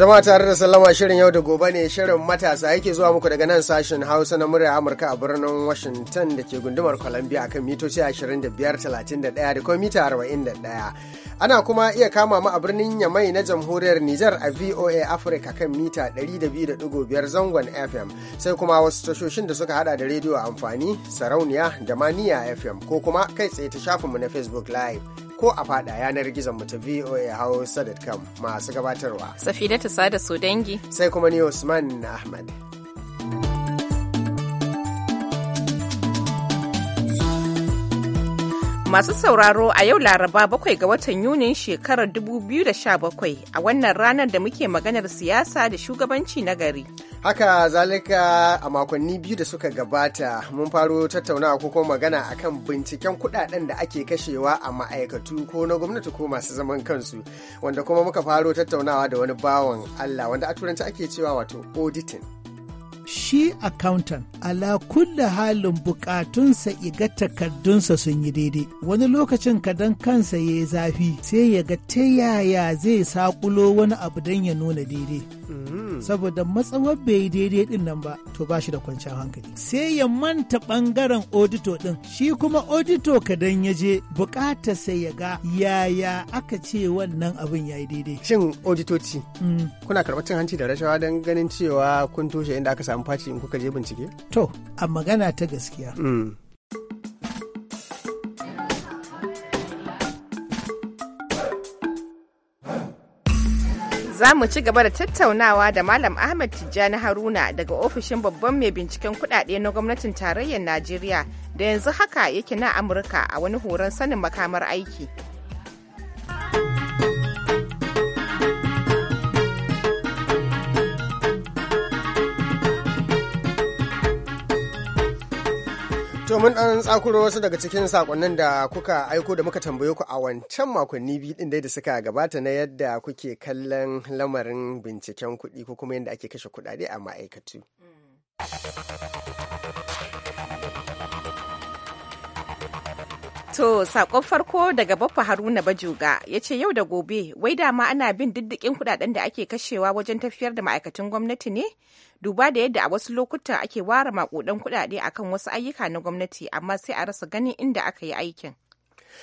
Jama'a tare da sallama shirin yau da gobe ne shirin matasa yake zuwa muku daga nan sashen Hausa na murya Amurka a birnin Washington da ke gundumar Columbia akan mitoci 2531 da kuma mita 41. Ana kuma iya kama mu a birnin Yamai na jamhuriyar Nijar a VOA Africa kan mita 200.5 zangon FM sai kuma wasu tashoshin da suka hada da rediyo amfani, sarauniya da maniya FM ko kuma kai tsaye ta shafinmu na Facebook Live. Ko a fada yanar gizon mutu ta voa hausa.com masu gabatarwa. da ta sada so dangi. Sai kuma ni Usman na Ahmad. Masu sauraro a yau Laraba bakwai ga watan Yunin shekarar 2017 a wannan ranar da muke maganar siyasa da shugabanci na gari. haka zalika a makonni biyu da suka gabata mun faro tattaunawa ko kuma magana akan binciken kudaden da ake kashewa a ma'aikatu ko na gwamnati ko masu zaman kansu wanda kuma muka faro tattaunawa da wani bawan allah wanda a turanci ake cewa wato auditing shi accountant ala kulla halin bukatunsa iga takardunsa sun yi daidai wani lokacin kadan kansa ya yi zafi sai ya ga ta yaya zai sakulo wani abu don ya nuna daidai mm-hmm. saboda matsawar bai daidai din nan ba to ba shi da kwanciyar hankali sai ya manta bangaren odito din shi kuma odito kadan ya je bukatar sai ya ga yaya aka ce wannan abin ya yi daidai shin oditoci mm. kuna karɓar cin hanci da rashawa don ganin cewa kun toshe inda aka samu an face in kuka je bincike? To, a magana ta gaskiya. Mm. Za mu ci gaba da tattaunawa da Malam Ahmad Tijjani Haruna daga ofishin babban mai binciken kudade na gwamnatin tarayyar Najeriya da yanzu haka yake na Amurka a wani horon sanin makamar aiki. mun dan tsakuro wasu daga cikin sakonnin da kuka aiko da muka tambaye ku a wancan makonni biyu din dai da suka gabata na yadda kuke kallon lamarin binciken kuɗi ko kuma yadda ake kashe kuɗaɗe a ma'aikatu. Mm. To sakon farko daga Baffa Haruna Bajuga, ya ce yau da gobe wai dama ana bin diddikin kudaden da ake kashewa wajen tafiyar da ma'aikatan gwamnati ne duba da yadda a wasu lokutan ake ware makudan kudade akan wasu ayyuka na gwamnati amma sai a rasa ganin inda aka yi aikin.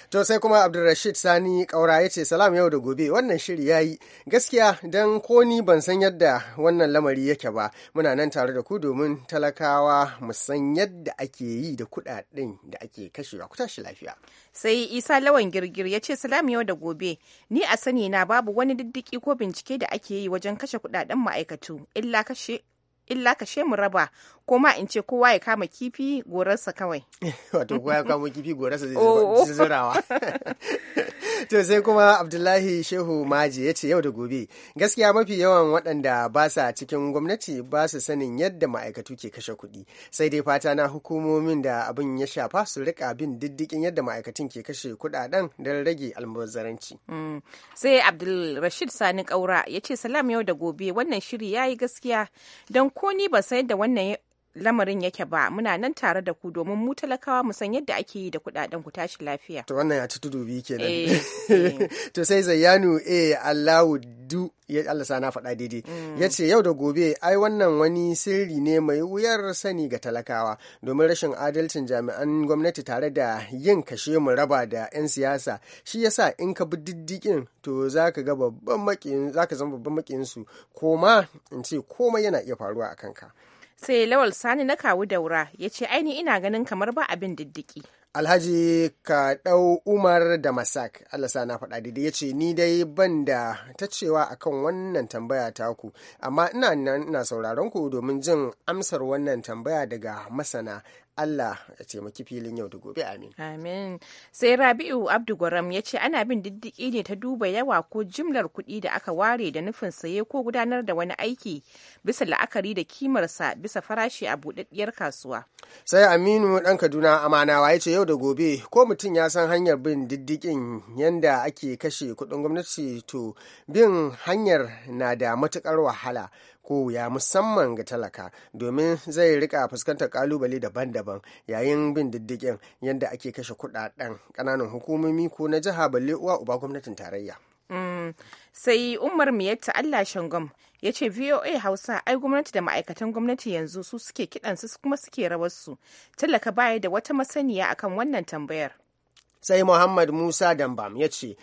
to sai kuma abdulrashid sani kaura ya ce salam yau da gobe wannan shiri ya yi gaskiya don ko ni ban san yadda wannan lamari yake ba muna nan tare da ku domin talakawa mu san yadda ake yi da kudaden da ake kashewa ku tashi lafiya sai isa lawan girgir ya ce salam yau da gobe ni a sani na babu wani diddiki ko bincike da ake yi wajen kashe kuɗaɗen ma'aikatu illa kashe illa kashe mu raba ko ma in ce kowa ya kama kifi gorarsa kawai wato kowa ya kama kifi gorarsa zai oh. zurawa to sai kuma abdullahi shehu maji ya ce yau da gobe gaskiya mafi yawan waɗanda ba sa cikin gwamnati ba su sanin yadda ma'aikatu ke kashe kuɗi sai dai fata na hukumomin da abin ya shafa su rika bin diddikin yadda ma'aikatun ke kashe kuɗaɗen don rage almubazzaranci mm. sai abdul rashid sani kaura ya ce salam yau da gobe wannan shiri ya yi gaskiya don ko ni ba sai da wannan lamarin yake ba muna nan tare da ku domin mu talakawa mu san yadda ake yi da kudaden ku tashi lafiya to wannan ya ci tudu biyu kenan eh, to sai zayyanu eh Allahu du ya Allah sa na faɗa daidai mm. ya ce yau da gobe ai wannan wani sirri ne mai wuyar sani ga talakawa domin rashin adalcin jami'an gwamnati tare da yin kashe mu raba da 'yan siyasa shi yasa in ka bi diddikin to za ka ga babban makiyin za zama babban makiyin su koma in ce komai yana iya faruwa a kanka sai lawal sani na kawu daura ya ce aini ina ganin kamar ba abin diddiki alhaji kaɗau umar da masak allah sa na faɗa daidai ya ce ni dai ban da ta cewa akan wannan tambaya ta ku amma ina nan ina sauraron ku domin jin amsar wannan tambaya daga masana Allah ya taimaki filin yau da gobe amin. Amin. Sai Rabi'u Abdugwaram ya ce ana bin diddiki ne ta duba yawa ko jimlar kuɗi da aka ware da nufin saye ko gudanar da wani aiki bisa la'akari da kimarsa bisa farashi a buɗaɗɗiyar kasuwa. Sai Aminu ɗan Kaduna Amanawa ya ce yau da gobe ko mutum ya san hanyar bin diddikin yanda ake kashe kuɗin gwamnati to bin hanyar na da matuƙar wahala ko musamman ga talaka domin zai rika fuskantar kalubale daban-daban yayin bin diddigin yadda ake kashe kudaden kananan hukumomi ko na jiha balle uwa uba gwamnatin tarayya mm, sai umar miyatta allah shangom ya ce voa hausa ai gwamnati da ma'aikatan gwamnati yanzu su suke kidansu kuma suke rawar su talaka baya da wata masaniya akan wannan tambayar sai muhammad musa dambam ya ce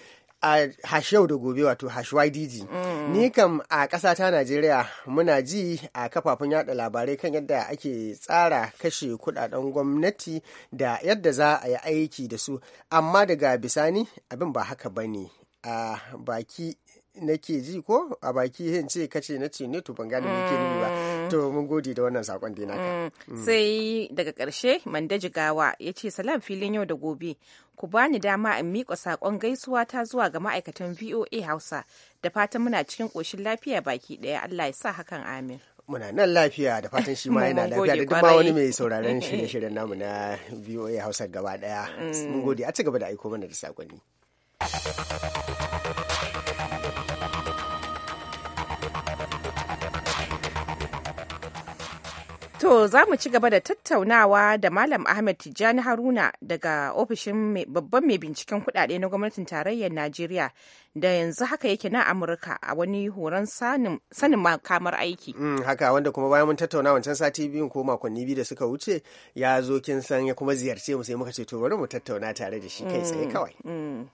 a yau da gobe wato hashwaidd mm. ni kam a ƙasata najeriya muna ji a kafafun yada labarai kan yadda ake tsara kashe kudaden gwamnati da yadda za a yi aiki da su amma daga bisani abin ba haka ba ne a baki nake ji ko a baki hin ce kace na ce ne to ban gane me ke nuni ba mm. to mun gode da wannan sakon dai naka mm. sai daga ƙarshe manda jigawa ya ce salam filin yau da gobe ku bani dama in miƙa saƙon gaisuwa ta zuwa ga ma'aikatan VOA Hausa da fatan muna cikin ƙoshin lafiya baki ɗaya Allah ya sa hakan amin. muna nan lafiya da fatan shi ma yana lafiya da duk wani mai sauraron shirye-shiryen namu na VOA Hausa gaba ɗaya Mun mm. gode a ci gaba da aiko mana da sakonni. To za mu ci gaba da tattaunawa da Malam Ahmed Tijjani Haruna daga ofishin babban mai binciken kudade na gwamnatin tarayyar Najeriya da yanzu haka yake na Amurka a wani horon sanin makamar aiki. Mm, haka wanda kuma bayan mun tattauna wancan sati biyun ko makonni biyu da suka wuce ya zo kin san ya kuma ziyarce mu sai muka ce to bari mu tattauna tare da shi kai tsaye mm, kawai. Mm.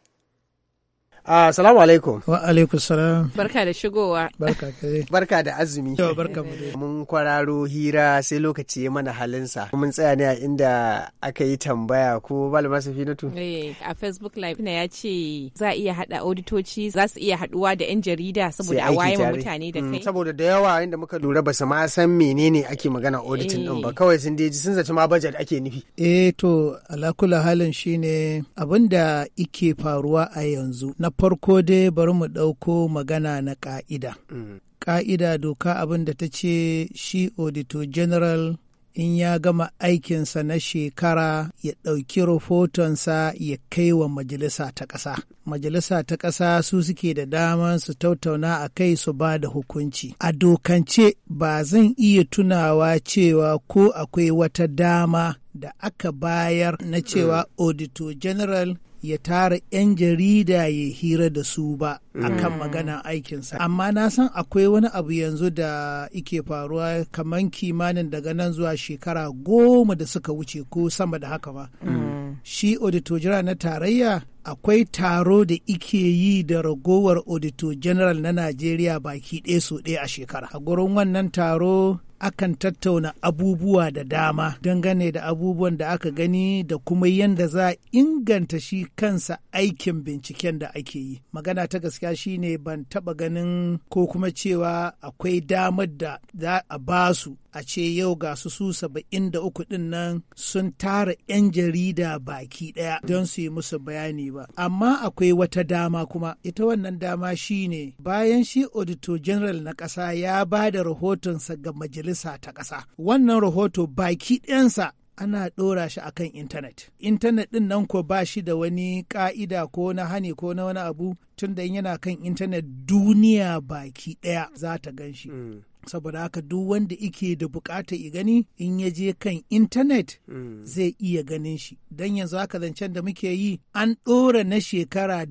Assalamu ah, alaikum. Wa alaikum salam. Barka da shigowa. Barka kare. Barka da azumi. Yau barka mu dai. Mun kwararo hira sai lokaci ya mana halinsa. Mun tsaya ne a inda aka yi tambaya ko Malama Safinatu. Eh a Facebook live na ya ce za a iya hada auditoci za su iya haduwa da yan jarida saboda a waye mutane da mm, kai. Saboda da yawa inda muka lura ba su ma san menene ake magana auditing din ba eh. kawai sun je sun zaci ma budget ake nufi. Eh to alakula halin shine abinda ike faruwa a yanzu na farko dai bari mu ɗauko magana na ƙa'ida. Mm. Ƙa'ida doka abin da ta ce shi auditor general in ya gama aikinsa na shekara ya ɗauki rahotonsa ya kai wa majalisa ta ƙasa. Majalisa ta ƙasa su suke da daman su tattauna a kai su ba da hukunci. A dokance ba zan iya tunawa cewa ko akwai wata dama da aka bayar na cewa mm. auditor general ya tara 'yan jarida ya hira da su ba mm. akan maganan aikinsa amma na san akwai wani abu yanzu da ike faruwa kamar kimanin daga nan zuwa shekara goma da suka wuce ko sama da haka ba mm. shi auditor general na tarayya akwai taro da ike yi da ragowar auditor general na najeriya baki ɗaya so ɗaya a shekara a gurin wannan taro akan tattauna abubuwa da dama dangane da abubuwan da aka gani da kuma yadda za a inganta shi kansa aikin binciken da ake yi magana ta gaskiya shine ban taba ganin ko kuma cewa akwai damar da za a basu a ce yau ga su su saba'in da uku ɗin nan sun tara 'yan jarida baki ɗaya don su yi musu bayani ba amma akwai wata dama kuma ita wannan dama shi ne. bayan shi auditor general na ƙasa ya ba da rahotonsa ga majalisa ta ƙasa wannan rahoto baki ɗayansa ana ɗora shi akan intanet. Intanet ɗin nan ko ba shi da wani ƙa'ida ko na hani ko na wani abu tun da yana kan intanet duniya baki ɗaya za ta gan shi. Mm. saboda haka duk wanda ike da bukata i gani in ya je kan intanet hmm. zai iya ganin shi don yanzu haka zancen da muke yi an ɗora na shekara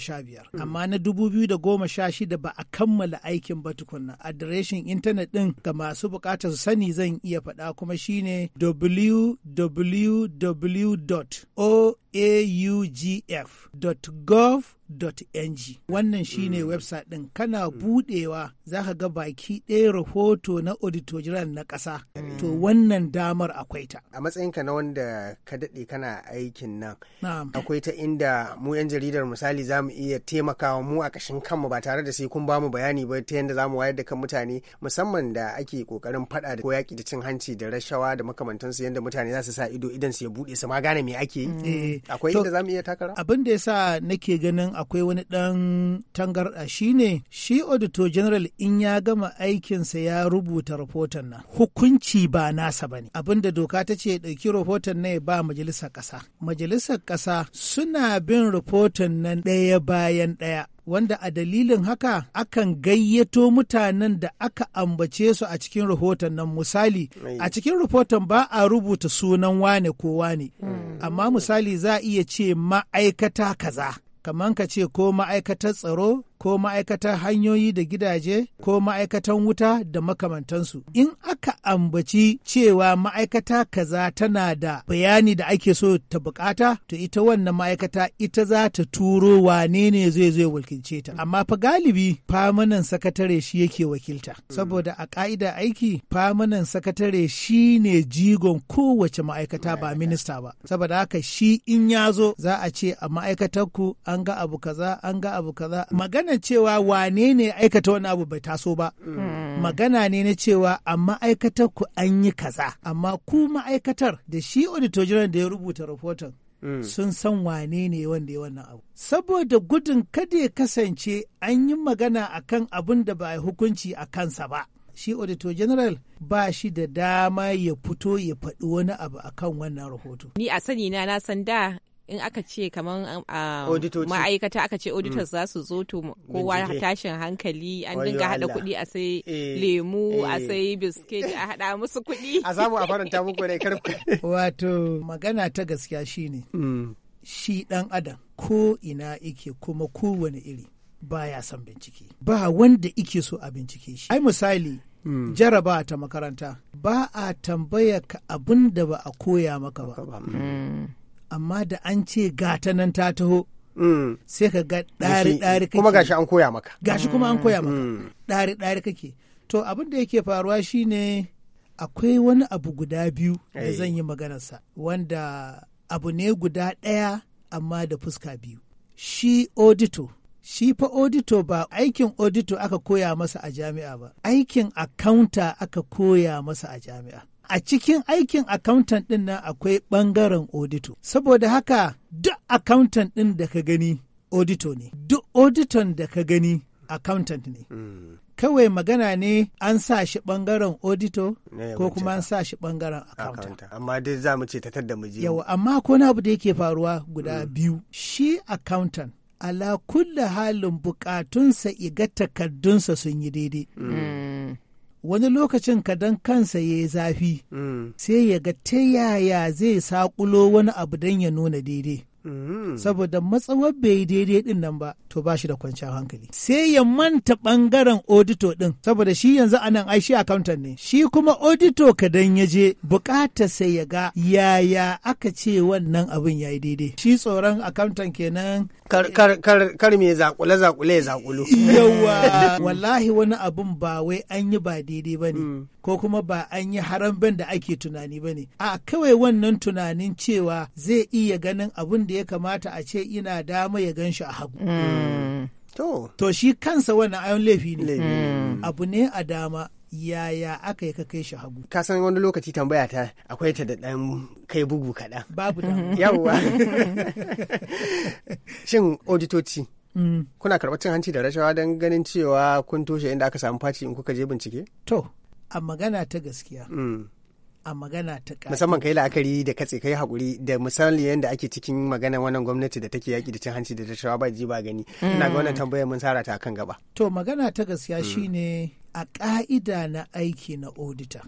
sha biyar. Hmm. amma na da 2016 ba a kammala aikin ba tukunna adireshin intanet ɗin ga masu bukatar su sani zan iya faɗa kuma shine www.o augf.gov.ng wannan shine mm. website din kana mm. budewa za ka ga baki ɗaya rahoto na auditor general na ƙasa hmm. to wannan damar akwai ta a matsayinka na wanda ka daɗe kana aikin nan akwai ta inda mu 'yan jaridar misali za mu iya taimakawa mu a ƙashin kanmu ba tare da sai kun ba mu bayani ba ta yadda za mu wayar da kan mutane musamman da ake ƙoƙarin faɗa da ko yaƙi da cin hanci da rashawa da makamantansu yadda mutane za su sa ido idan su ya buɗe su ma gane me ake yi eh. akwai inda zamu iya takara abin da yasa nake ganin akwai wani dan tangarda shine shi auditor general in ya gama aikinsa ya rubuta rahoton nan hukunci ba nasa bane abin da doka ta ce dauki rahoton nan ba majalisar kasa majalisar kasa suna bin rahoton nan ɗaya bayan ɗaya wanda a dalilin haka akan gayyato mutanen da aka ambace su a cikin rahoton nan misali a cikin rahoton ba a rubuta sunan wane ko wane hmm. amma misali za a iya ce ma'aikata kaza kamar ka ce ko ma'aikatar tsaro ko ma'aikatar hanyoyi da gidaje ko ma'aikatan wuta da makamantansu. In aka ambaci cewa ma'aikata kaza tana da bayani da ake so ta bukata to ita wannan ma'aikata ita za ta turo wane ne zai zo wakilce ta. Amma fa galibi famanan sakatare shi yake wakilta. Saboda a ka'ida aiki famanan sakatare shi ne jigon kowace ma'aikata ba minista ba. Saboda haka shi in ya zo za a ce a ma'aikatar ku an ga abu kaza an ga abu kaza. Magana magana cewa wane ne aikata wani abu bai taso ba hmm. magana ne na cewa a ma'aikatar ku an yi kaza amma ku ma'aikatar da shi auditor da ya rubuta rahoton hmm. sun san wane ne wanda ya wannan abu saboda gudun kada ya kasance an yi magana akan abin da ba a hukunci a kansa ba shi auditor general ba shi da dama ya fito ya faɗi wani abu akan wannan rahoto. Ni a sani na na san in aka ce kamar um, um, ma'aikata aka ce mm. auditors za su zo to kowa tashin hankali an dinga hada kuɗi a sai eh. lemu a eh. sai biskit a hada musu kuɗi a samu a faranta muku da karku wato magana ta gaskiya shine mm. shi dan adam ko ina ike kuma kowane iri ba ya son bincike ba wanda ike so a bincike shi ai misali mm. jaraba ta makaranta ba a tambaya ka abin da ba a koya maka ba. amma da an ce gata nan ta taho mm. sai ka ga ɗari ɗari kake kuma gashi an koya maka gashi kuma an koya maka mm. ɗari ɗari kake to abin da yake faruwa shine akwai wani abu guda biyu da zan yi maganarsa wanda abu ne guda ɗaya amma da fuska biyu shi odito shi fa odito ba aikin odito aka koya masa a jami'a ba aikin akaunta aka koya masa a jami'a a cikin aikin accountant ɗin nan akwai ɓangaren odito. Saboda haka duk accountant ɗin da ka gani odito ne, duk oditon da ka gani accountant ne. Kawai magana ne an sa shi ɓangaren odito ko kuma an sa shi ɓangaren accountant. Amma dai za mu ce ta tadda mu je. Yawa, amma ko na abu da yake faruwa guda hmm. biyu. Shi accountant ala kulla halin bukatunsa iga takardunsa sun yi daidai. Hmm. wani lokacin kadan kansa ya yi zafi mm. sai ya ga ta yaya zai saƙulo wani abu don ya nuna daidai Mm. saboda matsawar bai daidai din nan ba to ba shi da kwanciyar hankali sai ya manta bangaren odito din saboda shi yanzu anan ai shi accountant ne shi kuma odito kadan ya je bukatar sai ya ga yaya aka ce wannan abin ya yi daidai shi tsoron accountant kenan kar kar kar kar me zakule zakule ya zakulu yawa wallahi wani abun ba wai an yi ba daidai ba bane mm. ko kuma ba an yi haramben da ake tunani ba ne a kawai wannan tunanin cewa zai iya ganin abin da ya kamata a ce ina dama ya gan shi a hagu mm. to shi kansa wannan ayon laifi ne mm. abu ne a dama yaya aka yi ka kai shi hagu. Ka san wani lokaci tambaya ta akwai ta da ɗan kai bugu kaɗan. Babu da. Yawwa. Shin auditoci. Mm. Kuna karɓar cin hanci da rashawa don ganin cewa kun toshe inda aka samu faci in kuka je bincike? To, a magana ta gaskiya mm. a magana ta ƙari. Musamman kai la'akari da katse kai haƙuri da misali yadda ake cikin magana wannan gwamnati da take yaƙi da cin hanci da tashawa ba ji ba gani. Ina ga wannan mm. tambayar mun sara ta kan gaba. To magana ta gaskiya mm. shine a ƙa'ida na aiki na odita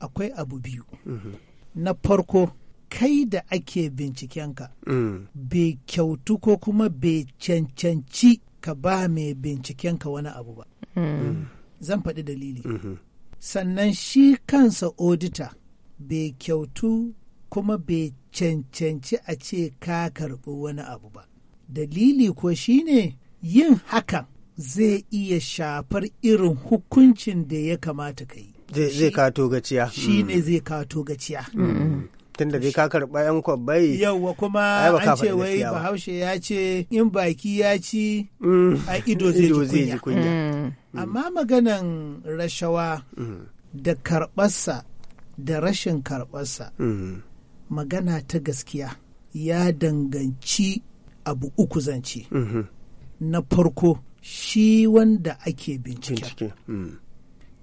akwai abu biyu. Mm-hmm. Na farko kai da ake binciken ka. bai kyautu ko kuma bai cancanci ka ba mai binciken ka wani abu ba. Zan faɗi dalili. Mm-hmm. sannan shi kansa odita bai kyautu kuma bai cancanci a ce ka karɓi wani abu ba dalili ko shine yin hakan zai iya shafar irin hukuncin da ya kamata ka yi zai kato gaciya shi ne mm. zai kato gaciya mm-hmm. tunda bai ka karɓa yan kwabbai yauwa kuma an ce wai bahaushe ya ce in baki ya ci mm. a ido zai ji kunya mm. Mm. amma maganan rashawa da karɓarsa da rashin karɓarsa magana ta gaskiya ya danganci abu uku zance mm-hmm. na farko shi wanda ake bincike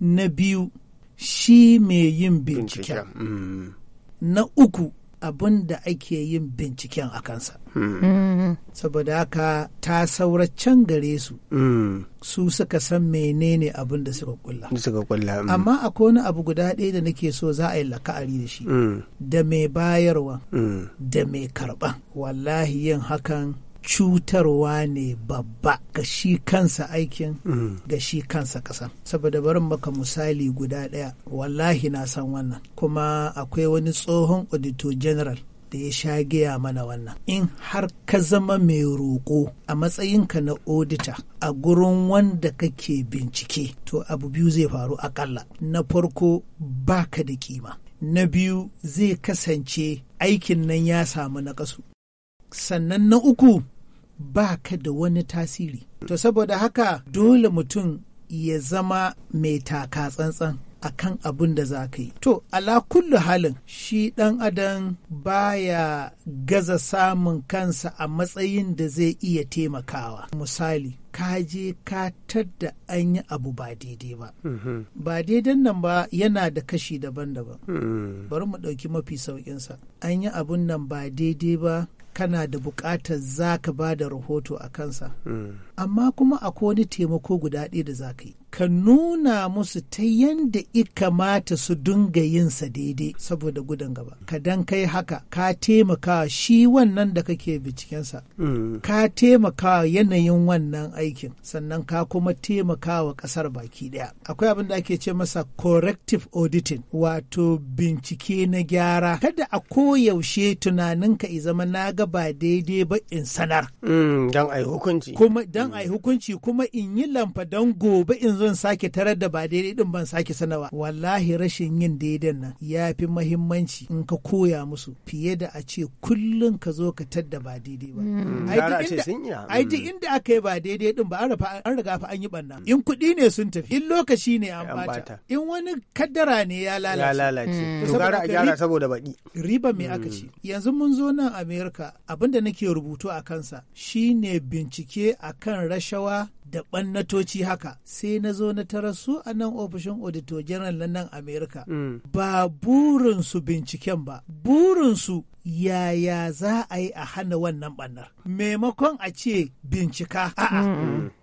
na biyu shi mai yin binciken na uku abin da ake yin binciken a kansa. Hmm. Saboda haka ta saura can gare su, hmm. su suka san menene abin da suka kulla. Hmm. Amma akwai wani abu guda ɗaya da nake so za a yi laka'ari da shi, da mai bayarwa, da mai karɓa. Wallahi yin hakan cutarwa ne babba ga shi kansa aikin mm. ga shi kansa ƙasa saboda barin maka misali guda ɗaya wallahi na san wannan kuma akwai wani tsohon auditor general da ya sha gaya mana wannan in har ka zama mai roƙo a matsayinka na auditor. a gurin wanda kake bincike to abu biyu zai faru akalla na farko baka da kima na biyu zai kasance aikin nan ya samu na sannan na uku ba ka da wani tasiri to saboda haka dole mutum ya zama mai taka tsantsan a kan abin da za ka yi to ala kullu halin shi ɗan adam baya gaza samun kansa a matsayin da zai iya taimakawa misali ka je ka tadda an yi abu ba daidai ba mm-hmm. ba daidan nan ba yana da kashi daban-daban mm. bari mu ɗauki mafi sauƙinsa an yi abun nan ba daidai ba kana da buƙatar za ka ba da rahoto a kansa hmm. amma kuma akwai wani taimako guda ɗaya da za ka yi ka nuna musu ta yanda i kamata su dunga yinsa daidai saboda gudun gaba ka dan kai haka ka taimaka shi wannan da kake bincikensa hmm. ka taimaka yanayin wannan aikin sannan ka kuma taimaka wa kasar baki daya akwai abin da ake ce masa corrective auditing wato bincike na gyara kada a koyaushe tunanin ka zama na ga ba daidai ba in sanar hmm, dan ai hukunci kuma dan hmm. ai hukunci kuma in yi lamfa dan gobe in zan sake tarar da ba daidai din ban sake sanawa wallahi rashin yin daidai nan ya fi mahimmanci in ka koya musu fiye da a ce kullum ka zo ka tadda ba daidai ba mm. ai duk mm. inda aka yi ba daidai din ba an riga fa an yi banna mm. in kuɗi ne sun tafi in lokaci ne an bata in wani kaddara ne ya lalace to gara a gyara saboda baɗi riba me aka ci yanzu mun zo nan America abinda nake rubutu a kansa shine bincike akan rashawa da ɓannatoci haka sai na zo na tara su a nan ofishin auditor general na nan america mm. ba burinsu binciken ba burinsu yaya za a yi a hana wannan bannar maimakon a ce bincika a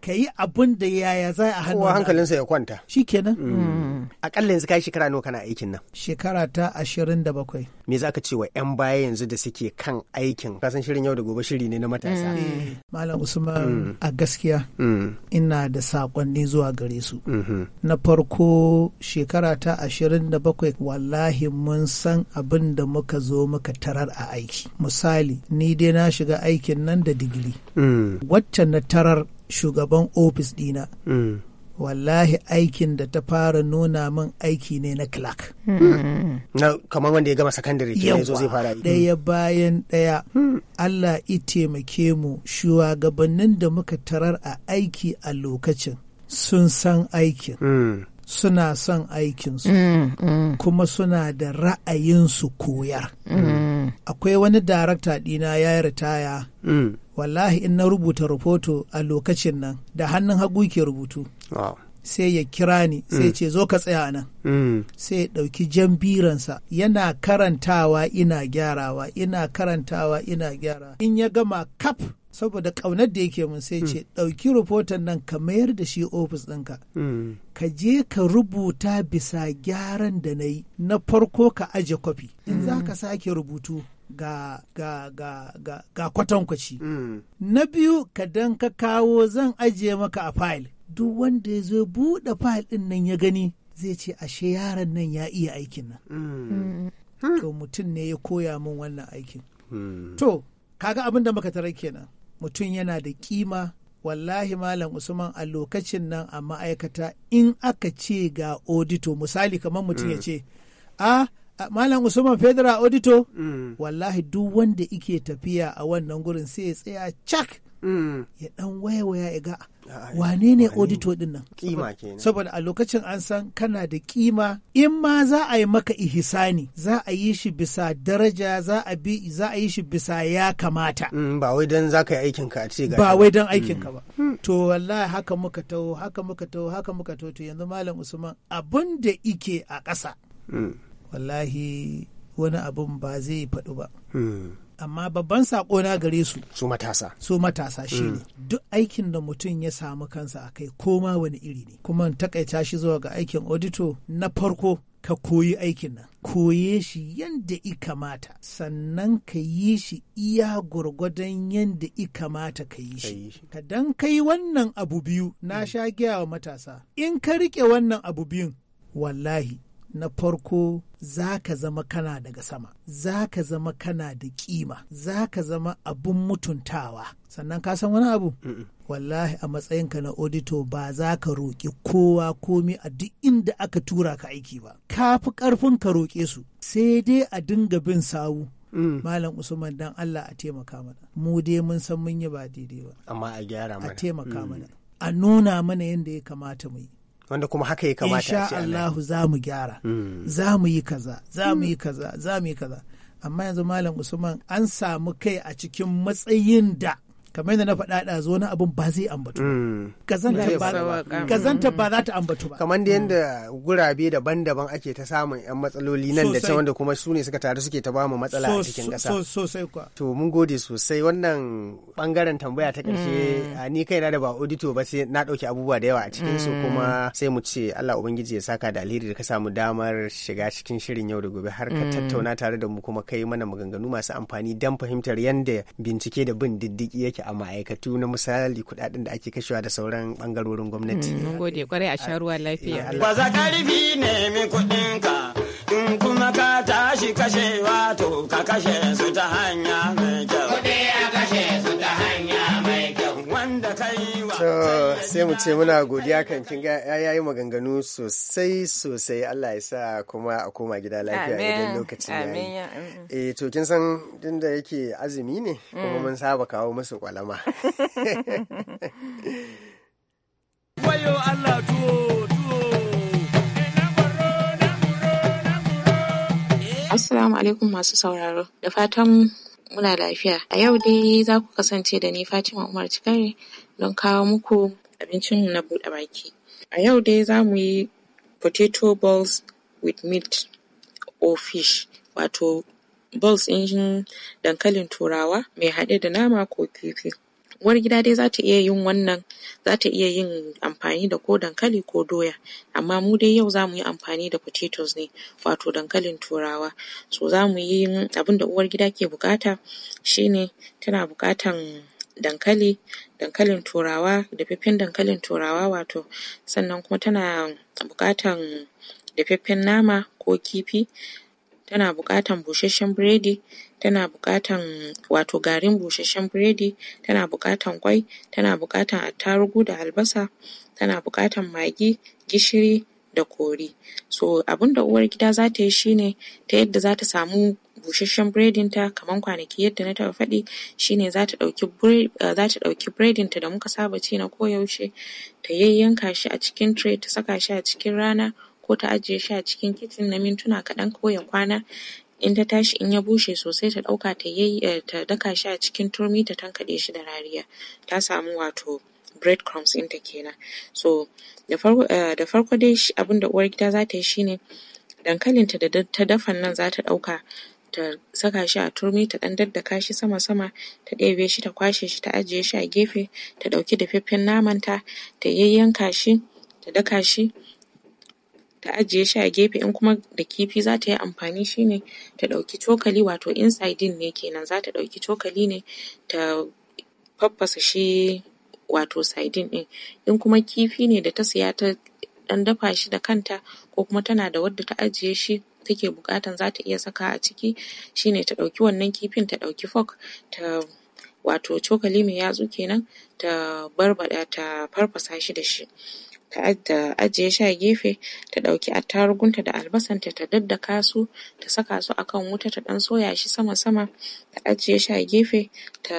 ka yi abin da yaya za a hana hankalinsa ya kwanta shikenan mm. akalla yanzu kai shekara nawa kana aikin nan shekara ta ashirin da bakwai. me za ka ce wa yan baya yanzu da suke kan aikin kasan shirin yau da gobe shiri ne na matasa mm. eh, malam usman mm. a gaskiya ina da sakonni zuwa gare su mm-hmm. na farko shekara ta ashirin da bakwai wallahi mun san abin da muka zo muka tarar a aiki misali ni dai na shiga aikin nan da digiri mm. wacce na tarar shugaban ofis dina mm. wallahi aikin da ta fara nuna min aiki ne na clark hmm. Na kamar wanda ya gama sakandare ke yanzu zai fara aiki. Daya bayan daya hmm. Allah i taimake mu shugabannin da muka tarar a aiki a lokacin sun san aikin. Hmm. suna son aikinsu mm, mm. kuma suna da ra'ayinsu koyar. Mm. Akwai wani darakta ɗina ya yi ritaya, wallahi in na rubuta rahoto a lokacin nan da hannun hagu ke rubutu. sai ya kira ni sai ce zo ka tsaya nan sai ya ɗauki jambiransa yana karantawa ina gyarawa ina karantawa ina gyarawa in ya gama kaf saboda kaunar da yake mun sai ce hmm. ɗauki rahoton nan ka mayar da shi ofis ɗinka hmm. ka je ka rubuta bisa gyaran da na yi na farko ka aje kwafi in za ka hmm. sake rubutu ga ga ga ga, ga kwatankwaci na biyu ka dan ka kawo zan ajiye maka a fayil duk wanda ya zo buɗe fayil ɗin nan ya gani zai ce ashe yaron nan ya iya aikin nan to mutum ne ya koya min wannan aikin to kaga abin da muka tarar kenan mutum yana da kima wallahi malam usman a lokacin nan a ma'aikata in aka ce ga odito misali kamar mutum ya mm. ce a malam usman federal odito mm. wallahi duk wanda ike tafiya a wannan gurin sai ya tsaya cak Mm. ya dan waya ya ga wane ne odito din nan kima kenan saboda a lokacin an san kana da kima in ma za a yi maka ihisani za a yi shi bisa daraja za a bi za a yi shi bisa ya kamata mm, ba wai dan zaka yi aikin ka a ce ba wai dan aikin ka mm. ba to wallahi haka muka ta'u haka muka ta'u haka muka ta'u to yanzu malam usman abun da ike a ƙasa wallahi wani abun ba zai faɗu ba amma babban saƙo na gare su su matasa su matasa shi ne. Mm. duk aikin da mutum ya samu kansa a kai koma wani iri ne kuma takaita shi zuwa ga aikin audito na farko ka koyi aikin nan koye shi yadda i kamata sannan ka yi shi iya gwargwadon yadda i kamata ka yi shi ka dan kai wannan abu biyu na mm. sha giya wa matasa in ka rike wannan abu biyun wallahi na farko za ka zama kana daga sama za ka zama kana da kima za ka zama abun mutuntawa sannan ka san wani abu wallahi a matsayinka na odito ba za ka roƙi kowa komi a duk inda aka tura ka aiki ba ka fi ƙarfin ka roƙe su sai dai a dinga bin sawu mm. Malam Usman dan Allah a taimaka mana. Mu dai mun san mun yi ba daidai ba. Amma a gyara mana. A taimaka mm. mana. A nuna mana yadda ya kamata mu yi. wanda kuma haka ya kamata insha Allah za mu gyara hmm. za mu yi kaza za mu yi kaza za mu yi kaza amma yanzu malam Usman an samu kai a cikin matsayin da kamar yadda na faɗa da zo na abin ba zai ambatu kazanta mm. ba za ta ambatu ba kamar da yadda gurabe daban-daban ake ta samun yan matsaloli nan da can wanda kuma su ne suka taru suke ta ba mu matsala a cikin ƙasa sosai kuwa to mun gode sosai wannan bangaren tambaya ta ƙarshe mm. ni kai na da ba audito ba sai na ɗauki abubuwa da yawa a cikin su mm. kuma sai mu ce Allah ubangiji ya saka da alheri da ka samu damar shiga cikin shirin yau da gobe har ka tattauna tare da mu kuma kai mana maganganu masu amfani dan fahimtar yadda bincike da bin diddiki yake a ma'aikatu na misali kudaden da ake kashewa da sauran bangarorin gwamnati. Mm, mun gode kwarai a sharuwa lafiya. Ba za ne nemi kuɗin ka in kuma ka tashi kashewa to ka kashe su ta hanya mai kyau. Kuɗi a kashe su ta hanya mai sai mu ce muna godiya kan kin ga yi maganganu sosai sosai Allah ya sa kuma a koma gida lafiya idan lokacin yi. Mm, mm. Eh to kin san yake azumi ne kuma mm. mun saba kawo musu kwalama. Wayo Allah tuwo Assalamu alaikum masu sauraro da fatan muna lafiya. A yau dai za ku kasance da ni Fatima Umar Cikari don kawo muku abincin na buɗe baki. A yau dai za mu yi potato balls with meat or fish wato balls ɗin dankalin turawa mai haɗe da nama ko kifi. uwar gida dai za ta iya yin wannan za ta iya yin amfani da ko dankali ko doya amma mu dai yau za mu yi amfani da potatoes ne wato dankalin turawa so za mu yi abin da uwar gida ke buƙata shine tana buƙatan dankali dankalin turawa dafaffen dankalin turawa wato sannan kuma tana buƙatan dafaffen nama ko kifi tana buƙatan busasshen biredi, tana buƙatan wato garin busasshen biredi, tana buƙatan ƙwai, tana buƙatan attarugu da albasa, tana buƙatan magi, gishiri da kori. So abun da uwargida za ta yi shi ne ta yadda za ta samu busasshen biredinta kaman kwanaki yadda na taɓa faɗi shi ne za ta ɗauki eh, biredinta da muka saba ci na koyaushe ta yayyanka shi a cikin tire ta saka shi a cikin rana ko ta ajiye shi a cikin kicin na mintuna kaɗan ko ya kwana in ta tashi in ya bushe sosai ta ɗauka ta eh, ta daka shi a cikin turmi ta tankaɗe shi da rariya ta samu wato bread crumbs ta kenan so da farko eh, da farko dai abin da uwar gida za ta yi shine dankalinta da ta dafa nan za ta ɗauka ta saka shi a turmi ta ɗan daddaka shi sama sama ta ɗebe shi ta kwashe shi ta ajiye shi a gefe ta ɗauki dafaffen naman ta ta yayyanka shi ta daka shi ta ajiye shi a gefe in kuma da kifi za ta yi amfani shi ne ta ɗauki cokali wato inside ne kenan za ta ɗauki cokali ne ta faffasa shi wato side ɗin in kuma kifi ne da ta siya ta ɗan dafa shi da kanta ko kuma tana da wadda ta ajiye shi take buƙatan za ta iya saka a ciki shi ne ta ɗauki wannan kifin ta ɗauki fork ta wato cokali mai yatsu kenan ta barbaɗa ta farfasa shi da shi. Da ajiye sha gefe ta ɗauki attarugunta da albasanta ta daddaka su ta saka su akan wuta ta ɗan soya shi sama sama ta ajiye sha gefe ta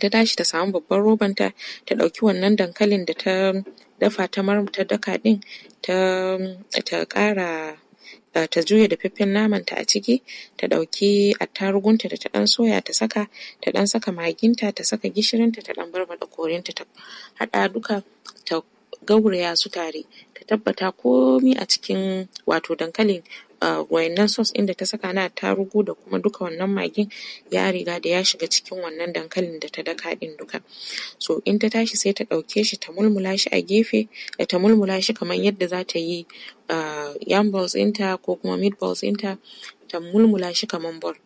ta tashi ta samu babban robanta ta ɗauki wannan dankalin da ta dafa ta ta daka ɗin ta ta ƙara eh, ta juya dafaffen fiffin ta a ciki ta ɗauki attarugunta da ta ɗan soya ta saka ta ɗan saka maginta ta saka gishirinta ta ɗan barbaɗa korinta ta haɗa duka ta gauraya su tare ta tabbata komi a cikin wato dankalin uh, wayannan sos ɗin ta saka na tarugu da kuma duka wannan magin ya riga da ya shiga cikin wannan dankalin da ta daka ɗin duka so in ta tashi sai ta ɗauke shi ta mulmula shi a gefe ta mulmula shi kamar yadda za ta yi uh, yam balls ɗinta ko kuma meat balls ɗinta ta mulmula shi kamar ball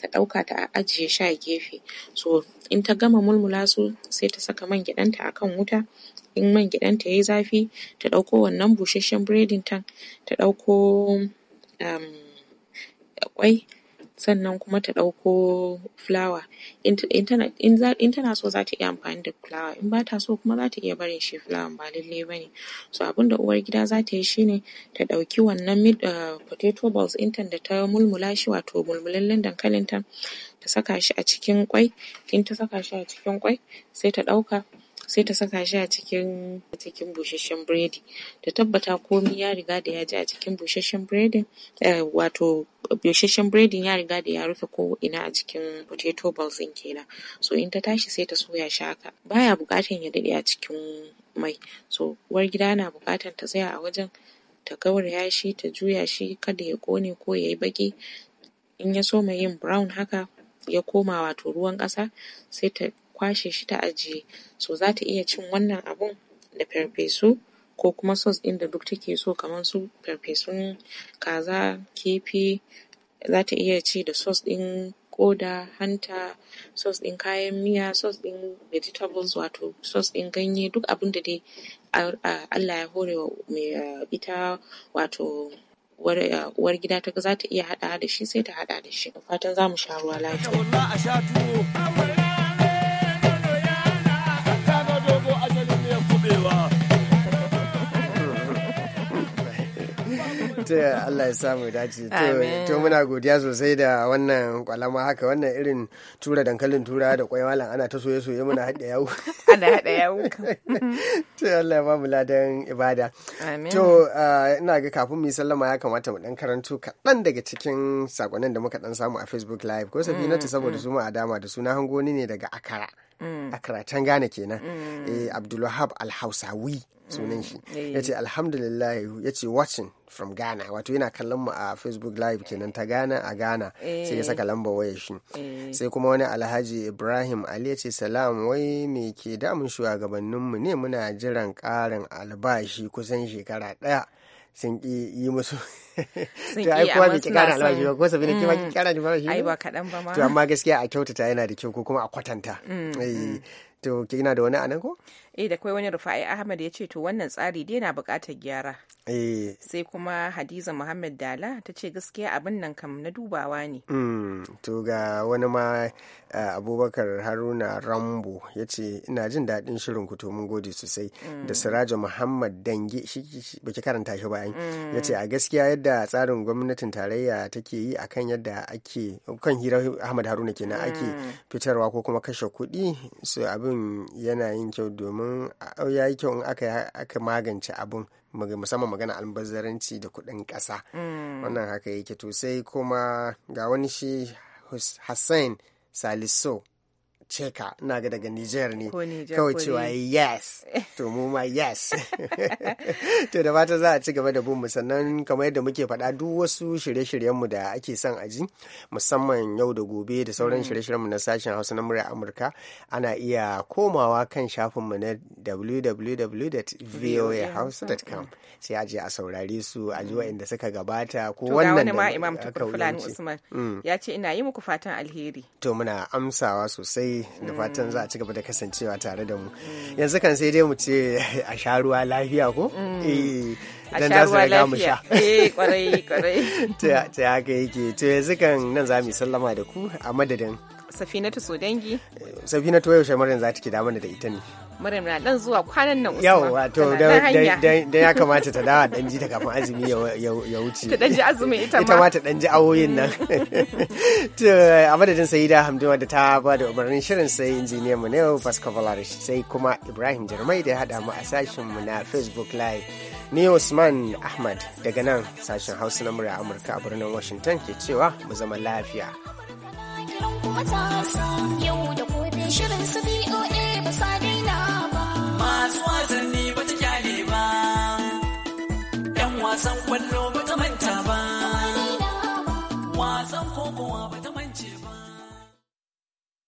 ta ɗauka ta ajiye shi a gefe so in ta gama mulmula su sai ta saka man gyaɗanta a kan wuta in man gyaɗanta ya yi zafi ta ɗauko wannan busasshen biredin ta ta ɗauko um, ƙwai sannan kuma ta ɗauko fulawa in tana so za ta iya amfani da fulawa in ba ta so kuma za ta iya barin shi fulawan ba lallai ba ne so abin da uwargida za ta yi shi ne ta ɗauki wannan eh, potato balls ɗinta da ta mulmula shi wato mulmulallen dankalin ta ta saka shi a cikin kwai. in ta saka shi a cikin kwai, sai ta ɗauka sai ta saka shi a cikin cikin busasshen biredi ta tabbata komai ya riga da ya ji a cikin busasshen biredin eh, wato biredin ya riga da ya rufe ko ina a cikin potato balls din kenan so in ta tashi sai ta soya shi haka baya bukatan ya dade a cikin mai so uwar gida na bukatan ta tsaya a wajen ta ya shi ta juya shi kada ya kone ko ya yi baki in ya soma yin brown haka ya koma wato ruwan ƙasa sai ta kwashe shi ta ajiye so ta iya cin wannan abun da farfesu ko kuma sos ɗin da duk take so kamar su farfesun kaza, kifi, za ta iya ci da sos ɗin koda, hanta, sos ɗin kayan miya, sos ɗin vegetables wato sos ɗin ganye duk abun da dai Allah ya hore wa mai ita wato ga za ta iya haɗawa da shi sai ta haɗa da shi. Da fatan mu sha ruwa lafiya. to Allah ya samu dace to muna godiya sosai da wannan kwalama haka wannan irin tura dankalin tura da kwai malam ana ta soye soye muna haɗa yawo ana haɗa yawo to Allah ya bamu ladan ibada to ina ga kafin mu sallama ya kamata mu ɗan karantu kaɗan daga cikin sakonnin da muka ɗan samu a Facebook live ko ta mm, mm, saboda mm. su ma a dama da suna hangoni ne daga Akara Mm. a karatan Ghana kenan mm. eh Abdulwahab Al-Hausawi sunan shi mm. ya ce alhamdulillah ya watching from ghana wato yana kallon mu a facebook live kenan ta ghana a ghana sai ya saka eh. lamba waya shi eh. sai kuma wani alhaji ibrahim ali ya ce salam wai me ke damun mu ne muna jiran karin albashi kusan shekara daya sun ki yi musu ta aikuwa kuma bai kara albashi ba ko sabi da kima ki kara albashi ai ba kaɗan ba ma to amma gaskiya a kyautata yana da kyau ko kuma a kwatanta mm, eh, mm. to kina da wani anan ko eh da kai wani rufa'i ahmad ya ce to wannan tsari dai na buƙatar gyara eh. sai kuma hadiza muhammad dala ta ce gaskiya abin nan kam na dubawa ne mm, to ga wani ma abubakar haruna rambo ya ce ina jin daɗin shirin ku mun gode sosai mm. da siraja muhammad dange shi baki karanta shi bayan mm. ya ce a gaskiya yadda tsarin gwamnatin tarayya take yi akan yadda ake kan hira ahmad haruna kenan mm. ake fitarwa ko kuma kashe kuɗi su abin yana yin kyau domin ya yi kyau in aka aka magance abin musamman magana albazzaranci da kuɗin ƙasa wannan haka yake to sai kuma ga wani shi Hussein Salisu. ceka ina ga daga Niger ne kawai cewa yes to mu ma yes to da fata za a ci gaba da bin mu sannan kamar yadda muke faɗa duk wasu shirye shiryen mu da ake son aji musamman yau da gobe da sauran mm. shirye-shiryenmu na sashen Hausa na murya Amurka ana iya komawa kan shafinmu na www.voahouse.com sai a je a saurare su a ji inda mm. suka gabata ko wannan da Imam Tukur Fulani Usman mm. ya ce ina yi muku fatan alheri to muna amsawa sosai da fatan za a ci gaba da kasancewa tare da mu yanzu kan sai dai mu ce a sha ruwa lafiya ko mm. eh, dan za su riga mu sha eh kwarai kwarai ta haka yake to yanzu kan nan za mu sallama da ku a madadin safinatu so dangi safinatu yau shamarin za ta ki da mana da ita ne Maryam na dan zuwa kwanan nan Usman. Yau wato da ya kamata ta dawa dan ji ta kafin azumi ya wuce. Ta dan ji azumin ita ma. Ita ma ta dan ji awoyin nan. To a madadin Sayyida Hamduma da ta ba da umarnin shirin sai injiniyan mu ne Pascal Valarish sai kuma Ibrahim Jarmai da ya hada mu a sashin mu na Facebook Live. Ni Usman Ahmad daga nan sashen Hausa na murya Amurka a birnin Washington ke cewa mu zama lafiya. Yau da shirin su biyu masu wasanni ba ta kyale ba yan wasan kwallo ba ta